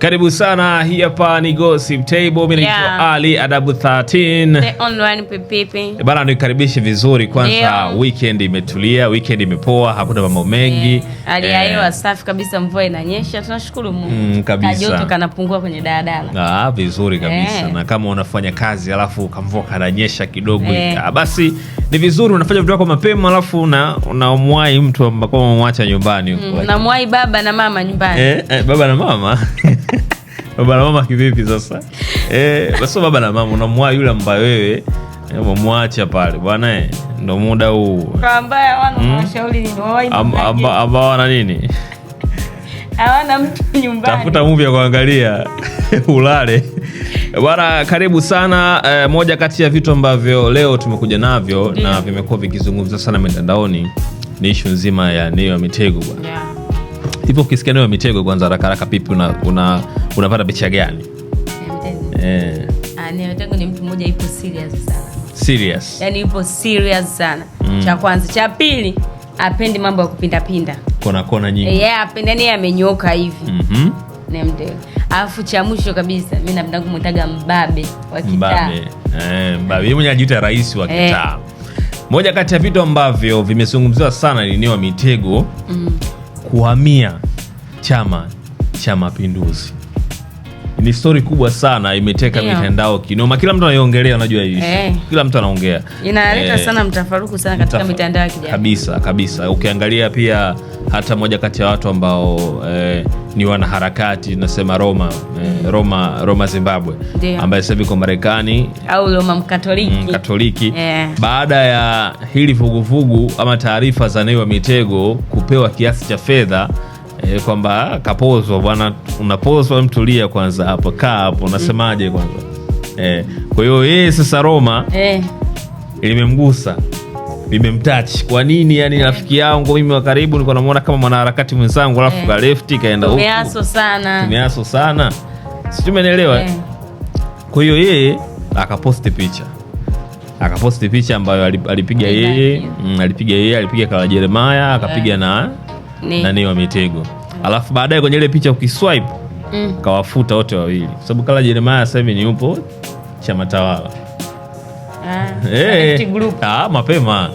Karibu sana, hii hapa ni Gossip Table. Mimi naitwa yeah. Ali Adabu 13. The online pipipi. Eh, bana, nikaribishe vizuri kwanza. yeah. weekend imetulia, weekend imepoa, hakuna mambo mengi. Hali ya eh. hewa safi kabisa, mvua inanyesha. Tunashukuru Mungu. Mm, kabisa. Joto kanapungua kwenye daladala. Ah, vizuri kabisa. Yeah. Na kama unafanya kazi alafu kamvua kananyesha kidogo, yeah. basi ni vizuri unafanya vitu vyako mapema, alafu unamwahi mtu ambako umemwacha nyumbani huko, mm, baba na mama nyumbani eh, eh, baba na mama baba na mama kivipi sasa? Eh, baba na mama unamwahi yule ambaye wewe umemwacha pale bwana, eh, ndo muda huu hmm? ambao wana nini, hawana mtu nyumbani, tafuta movie ya kuangalia ulale Bwana, karibu sana. eh, moja kati ya vitu ambavyo leo tumekuja navyo mm. na vimekuwa vikizungumza sana mitandaoni ni ishu nzima ya neo ya mitego bwana yeah. Hivyo ukisikia neo ya mitego, kwanza haraka haraka pipi unapata una, una picha gani? yeah. Eh. serious Yani ipo serious sana mm. Cha kwanza, cha pili apendi mambo ya kupindapinda kona kona nyingi. Yeah, yaani apendi yani amenyoka hivi mm -hmm. Alafu cha mwisho kabisa mimi napenda kumwitaga mbabe wa kitaa. Eh, mbabe yeye mwenyewe anajiita rais wa eh. kitaa. eh. Moja kati ya vitu ambavyo vimezungumziwa sana ni eneo la mitego mm. kuhamia Chama cha Mapinduzi ni stori kubwa sana, imeteka mitandao kinoma, kila mtu anaiongelea, unajua hii hey. Eh. Kila mtu anaongea, inaleta hey. Eh. sana mtafaruku sana katika mtaf... mitandao ya kijamii kabisa kabisa. Ukiangalia pia hata moja kati ya watu ambao eh, ni wanaharakati nasema Roma eh, Roma Roma Zimbabwe ambaye sasa hivi kwa Marekani au Roma Mkatoliki, mm, Mkatoliki. Mm, yeah. Baada ya hili vuguvugu ama taarifa za Nay wa Mitego kupewa kiasi cha fedha eh, kwamba ah, kapozwa bwana, unapozwa mtulia kwanza hapo, kaa hapo, unasemaje kwanza eh, kwa hiyo yeye sasa Roma eh, limemgusa vimemtouch. Kwa nini? Yani rafiki yangu mimi wa karibu niko namuona kama mwanaharakati mwenzangu, alafu eh. ka left kaenda huko. Tumeaso sana. Tumeaso sana. Si umeelewa. Eh. Kwa hiyo yeye akaposti picha akaposti picha ambayo mm, alipiga yeye, alipiga yeye, alipiga Kala jeremaya akapiga eh. na nani wa Mitego, alafu baadaye kwenye ile picha ukiswipe, mm. kawafuta wote wawili, kwa sababu Kala jeremaya sasa hivi ni yupo chama tawala hey. Ah, eh, ah, mapema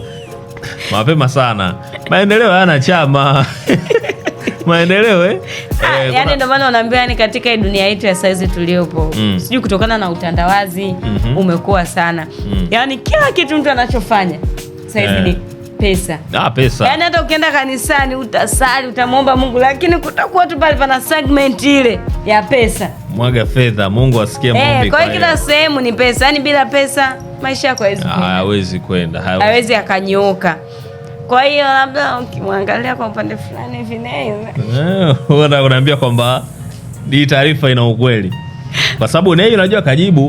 mapema sana maendeleo yana chama maendeleo eh? Ha, ah, eh, yani ndio maana unaambia yani katika dunia yetu ya saizi tuliopo mm. Sijui kutokana na utandawazi mm -hmm. Umekuwa sana mm. Yani kila kitu mtu anachofanya saizi eh. Ni pesa ah, pesa. Yani hata ukienda kanisani utasali, utamwomba Mungu, lakini kutakuwa tu pale pana segment ile ya pesa, mwaga fedha, Mungu asikie eh, maombi. Kwa hiyo kila sehemu ni pesa, yani bila pesa maisha yako hawezi kwenda, hawezi akanyoka. Kwa hiyo labda ukimwangalia kwa upande fulani hivi naye eh, unaambia kwamba hii taarifa ina ukweli kwa sababu Nei unajua kajibu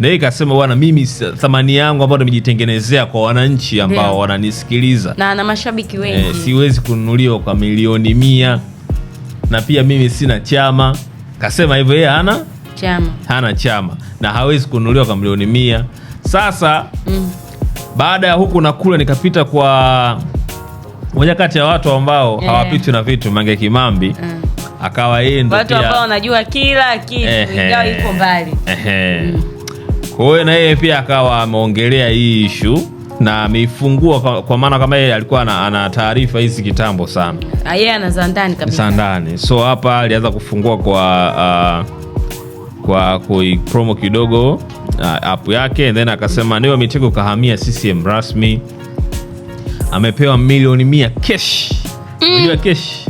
uh kasema bwana, mimi thamani yangu ambayo nimejitengenezea kwa wananchi ambao yeah. wananisikiliza na na mashabiki eh, wengi e, siwezi kununuliwa kwa milioni mia na pia mimi sina chama. Kasema hivyo yeye hana chama, hana chama na hawezi kununuliwa kwa milioni mia sasa mm. baada ya huku na kule nikapita kwa moja kati ya watu ambao yeah. hawapitwi na vitu, Mange Kimambi mm. akawa yeye ndio watu ambao wanajua kila kitu ingawa iko mbali. Mm. Kwa hiyo na yeye pia akawa ameongelea hii ishu na ameifungua kwa, kwa maana kama yeye alikuwa ana, ana taarifa hizi kitambo sana, ah, yeye ana za ndani kabisa za ndani, so hapa alianza kufungua kwa uh, kwa kuipromo kidogo uh, app yake and then akasema ndio Mitego kahamia CCM rasmi, amepewa milioni mia cash mm. Unajua cash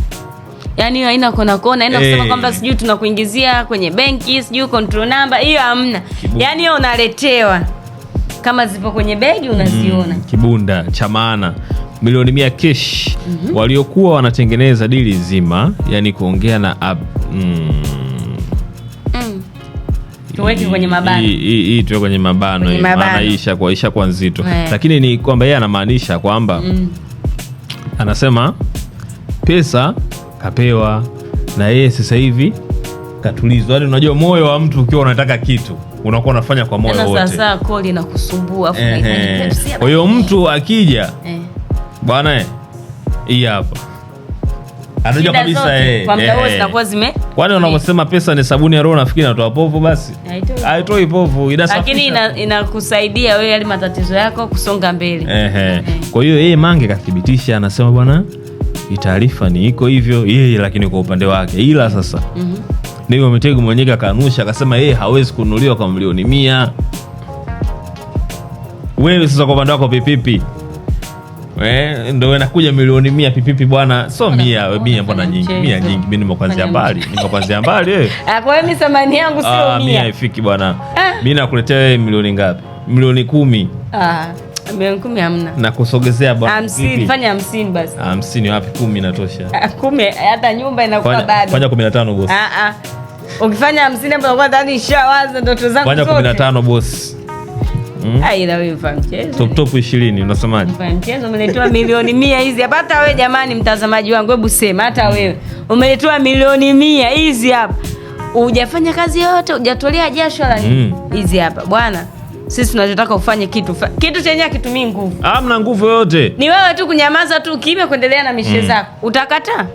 yani hiyo haina kona kona, haina yaani kusema hey, eh. kwamba sijui tunakuingizia kwenye benki sijui control number, hiyo hamna. Yani hiyo unaletewa kama zipo kwenye begi unaziona, mm, kibunda cha maana milioni mia kesh. mm -hmm. Waliokuwa wanatengeneza dili zima, yani kuongea na mm, hii tuwe kwenye mabano maana isha kwa nzito yeah. Lakini ni kwamba yeye anamaanisha kwamba mm. anasema pesa kapewa na yeye sasa hivi katulizwa. Yani unajua moyo wa mtu ukiwa unataka kitu unakuwa unafanya kwa moyo wote. Sasa na kusumbua kwa hiyo mtu eh. akija eh. bwana hii hapa anajua kabisa eh, kwa muda eh. zinakuwa zime. Kwani unaposema pesa ni sabuni ya roho, nafikiri natoa povu basi, haitoi povu, lakini inakusaidia wewe yale matatizo yako kusonga mbele. Ehe, eh. kwa hiyo yeye Mange kathibitisha, anasema bwana, taarifa ni iko hivyo yeye, lakini kwa upande wake, ila sasa mm -hmm. Deo mwenyewe akakanusha akasema yeye hawezi kununuliwa kwa milioni mia. Wewe sasa kwa upande wako vipipi? Eh, ndo nakuja milioni mia pipipi bwana, so mia we mia, mbona nyingi mia nyingi? Mi nimo mbali, nimo mbali. Eh. Ah, kwa hiyo mi thamani yangu sio ah, mia, haifiki bwana. Ah. Mi nakuletea wewe milioni ngapi? Milioni kumi. Milioni kumi hamna. Nakusogezea bwana. Hamsini, fanya hamsini basi. Hamsini wapi? Kumi inatosha. Kumi hata nyumba inakuwa bado. Fanya kumi na tano bosi. Ukifanya hamsini hapo unakuwa tayari nishawaza ndoto zangu Fanya kumi na tano bosi mm. mchezo top top 20 unasemaje? Mchezo umeletewa milioni mia hizi hapa. Hata wewe jamani, mtazamaji wangu, hebu sema hata wewe umeletewa milioni mia hizi hapa, ujafanya kazi yoyote, hujatolea jasho la hmm. hizi mm. hapa bwana sisi tunachotaka ufanye kitu kitu chenye akitumii nguvu. amna nguvu yoyote, ni wewe tu kunyamaza tu kimya, kuendelea na mishe hmm. zako Utakataa?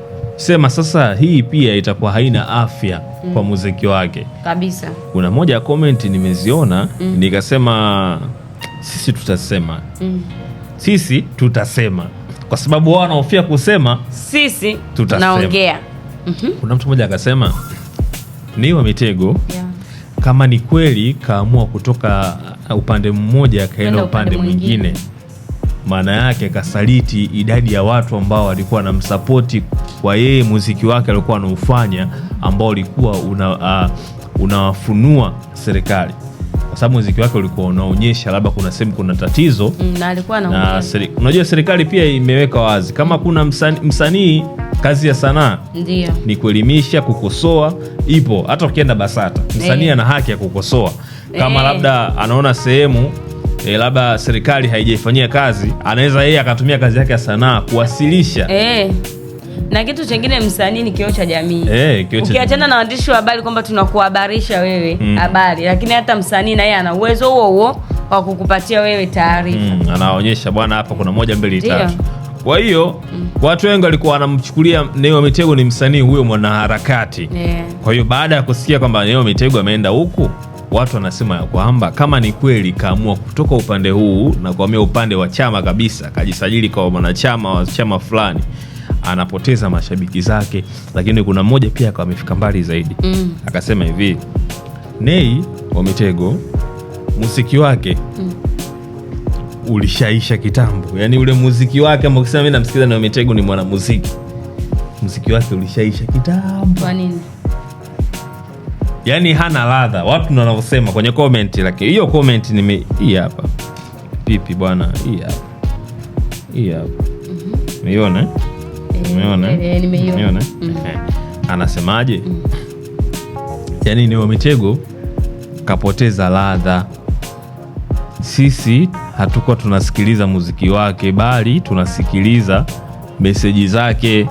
sema sasa hii pia itakuwa haina afya mm. kwa muziki wake kabisa. Kuna moja ya komenti nimeziona mm. nikasema sisi tutasema mm. sisi tutasema kwa sababu wao wanaofia kusema sisi tunaongea. mm -hmm. Kuna mtu mmoja akasema ni wa mitego yeah. Kama ni kweli kaamua kutoka uh, upande mmoja akaenda upande mwingine, maana yake kasaliti idadi ya watu ambao walikuwa na msapoti kwa yeye muziki wake aliokuwa anaufanya ambao ulikuwa una uh, unawafunua serikali kwa sababu muziki wake ulikuwa unaonyesha labda kuna sehemu kuna tatizo mm, na na seri, unajua serikali pia imeweka wazi kama kuna msanii msani, kazi ya sanaa ni kuelimisha, kukosoa ipo. Hata ukienda BASATA msanii eh. ana haki ya kukosoa kama hey. Eh. labda anaona sehemu e, labda serikali haijaifanyia kazi, anaweza yeye akatumia kazi yake ya sanaa kuwasilisha e na kitu chengine msanii ni kioo cha jamii. Hey, eh, ukiachana na waandishi wa habari kwamba tunakuhabarisha wewe mm. habari mm. Lakini hata msanii naye ana uwezo huo huo wa kukupatia wewe taarifa mm. Anaonyesha bwana, hapa kuna moja mbili tatu. Kwa hiyo mm. watu wengi walikuwa wanamchukulia Neo Mitego ni msanii huyo mwanaharakati yeah. Kwa hiyo baada ya kusikia kwamba Neo Mitego ameenda huku watu wanasema ya kwamba kama ni kweli kaamua kutoka upande huu na kuhamia upande wa chama kabisa, kajisajili kwa mwanachama wa chama fulani anapoteza mashabiki zake, lakini kuna mmoja pia akawa amefika mbali zaidi mm. akasema hivi nei wa Mitego muziki wake mm. ulishaisha kitambo, yaani ule muziki wake ambao ukisema mimi namsikiliza Nay wa Mitego ni mwanamuziki, muziki wake ulishaisha kitambo. Kwa nini? Yaani hana ladha, watu wanavyosema kwenye comment, Lakini hiyo komenti nime hii hapa pipi bwana, hii hapa hii hapa, mhm. umeiona? mm -hmm umeona eh, eh, umeona, mm. eh, anasemaje? Mm. yani niwe mitego kapoteza ladha. Sisi hatukuwa tunasikiliza muziki wake, bali tunasikiliza meseji zake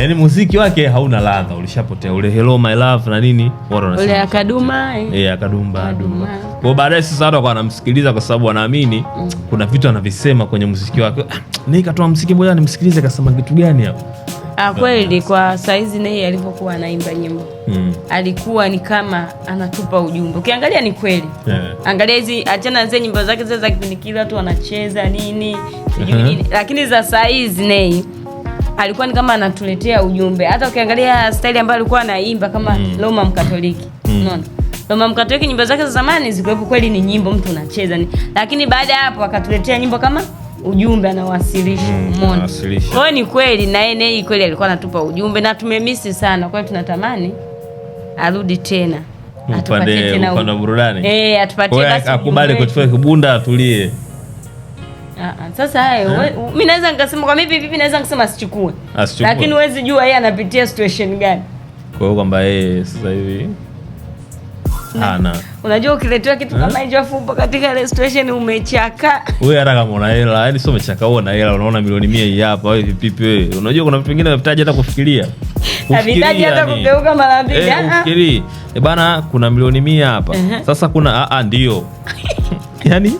yani muziki wake hauna ladha, ulishapotea ule hello my love na nini, wanasema ule akaduma eh, eh akadumba aduma Kwa baadaye sasa watu wakawa wanamsikiliza kwa sababu wanaamini mm. kuna vitu anavisema kwenye muziki wake. Ah, Nei katoa muziki mmoja nimsikilize, kasema kitu gani hapo? Ah, kweli kwa saizi Nei alivyokuwa anaimba nyimbo mm. alikuwa ni kama anatupa ujumbe. Ukiangalia ni kweli yeah. Angalia hizi achana zile nyimbo zake zile za kipindi kile watu wanacheza nini sijui uh -huh. nini, lakini za saizi Nei alikuwa ni kama anatuletea ujumbe. Hata ukiangalia staili ambayo alikuwa anaimba kama mm. Roma Mkatoliki mm. unaona Roma Mkatoliki nyimbo zake za zamani zikuepo kweli, ni nyimbo mtu unacheza ni, lakini baada ya hapo akatuletea nyimbo kama ujumbe anawasilisha, mm, umeona. Kwa hiyo ni kweli na yeye kweli alikuwa anatupa ujumbe na tumemisi sana, kwa hiyo tunatamani arudi tena atupatie tena burudani eh, atupatie basi, akubali kuchukua kibunda atulie. Sasa hayo eh, eh? mimi naweza nikasema kwa mimi vipi, naweza nikasema asichukue, lakini huwezi jua yeye anapitia situation gani. Kwa hiyo kwamba yeye sasa hivi hana, unajua ukiletewa kitu eh? kama hicho afu upo katika ile situation umechaka wewe, hata kama una hela, yani, sio umechaka, wewe una hela, unaona milioni 100 hii hapa, wewe vipi wewe? Unajua kuna vitu vingine unahitaji hata kufikiria unahitaji hata kugeuka mara mbili. Ah, ah. Ufikiri bana, kuna milioni 100 hapa, sasa kuna a ah, a ndio yaani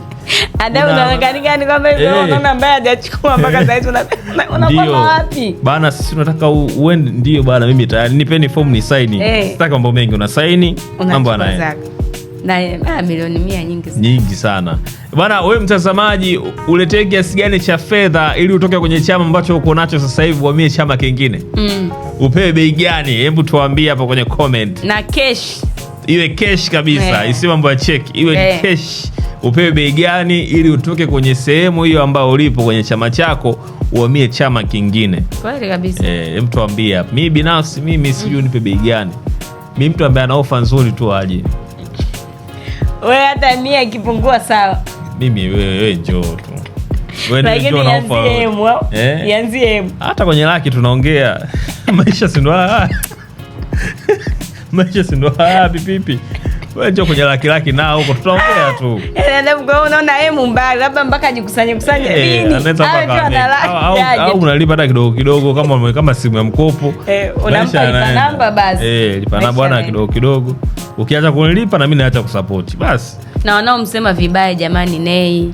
bana, sisi tunataka uende. Ndio bana, mimi tayari, nipeni fomu ni saini hey. Eh. Sitaki mambo mengi, una saini mambo na milioni mia nyingi sana, nyingi sana bana. Wewe mtazamaji, uletee kiasi gani cha fedha ili utoke kwenye chama ambacho uko nacho sasa hivi uhamie chama kingine mm? Upewe bei gani? Hebu tuambie hapo kwenye comment, na cash iwe cash kabisa, yeah. Isi mambo ya cheki iwe yeah. cash upewe bei gani ili utoke kwenye sehemu hiyo ambayo ulipo kwenye chama chako uamie chama kingine. Kweli kabisa. Eh, mtu ambia mimi binafsi mimi sijui nipe bei gani. Mimi mtu ambaye ana ofa nzuri tu aje. Wewe hata mia ikipungua sawa. Mimi wewe njoo tu. Yanzie eh? hata kwenye laki tunaongea maisha ndo haya maisha ndo haya pipi. Njoo kwenye laki laki na huko tunaongea tu. Unaona eh, yeye labda mpaka ajikusanye kusanye eh, nini? Au unalipa hata kidogo kidogo kama kama simu ya mkopo. Eh, unampa namba basi. Eh, lipa na bwana kidogo kidogo. Ukiacha kunilipa na mimi naacha kusupport. Basi. Na wanaomsema vibaya jamani Nei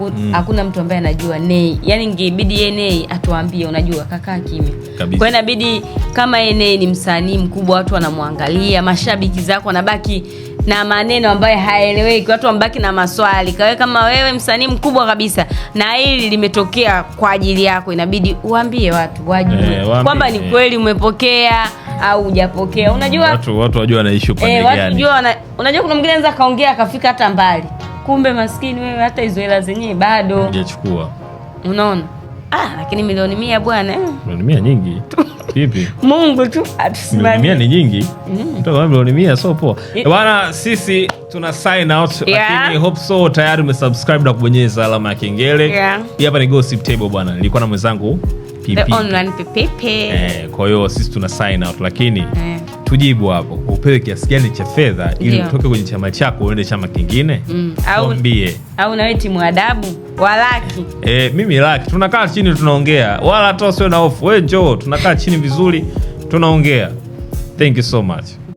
mm. Hakuna mm. mtu ambaye anajua Nei, yani ngibidi yeye Nei atuambie unajua kakaa kimya. Kwa inabidi kama yeye ni msanii mkubwa, watu wanamwangalia, mashabiki zako wanabaki na maneno ambayo haeleweki, watu wambaki na maswali. Kawe kama wewe msanii mkubwa kabisa na hili limetokea kwa ajili yako, inabidi uambie watu wajue eh, kwamba ni eh. kweli umepokea au hujapokea. Unajua watu watu wajua na issue pande eh, gani, watu unajua wana, unajua kuna mwingine anaweza kaongea akafika hata mbali, kumbe maskini wewe hata hizo hela zenyewe bado hujachukua. Unaona ah, lakini milioni mia bwana, eh. milioni mia nyingi Vipi? Mungu tu atusimamie. Mia ni nyingi. Mm. Mtoka milioni mia sio poa. Bwana sisi tuna sign out yeah. lakini hope so tayari umesubscribe na kubonyeza alama ya kengele. Hii hapa ni Gossip Table bwana. Nilikuwa na mwenzangu Pipi. The online Pipi. Eh, kwa hiyo sisi tuna sign out lakini eh. tujibu hapo upewe kiasi gani cha fedha ili utoke kwenye chama chako uende chama kingine mm. au, au nawe timu adabu walaki e, eh, eh, mimi laki, tunakaa chini tunaongea, wala hata usiwe na hofu. We njoo, tunakaa chini vizuri tunaongea. Thank you so much.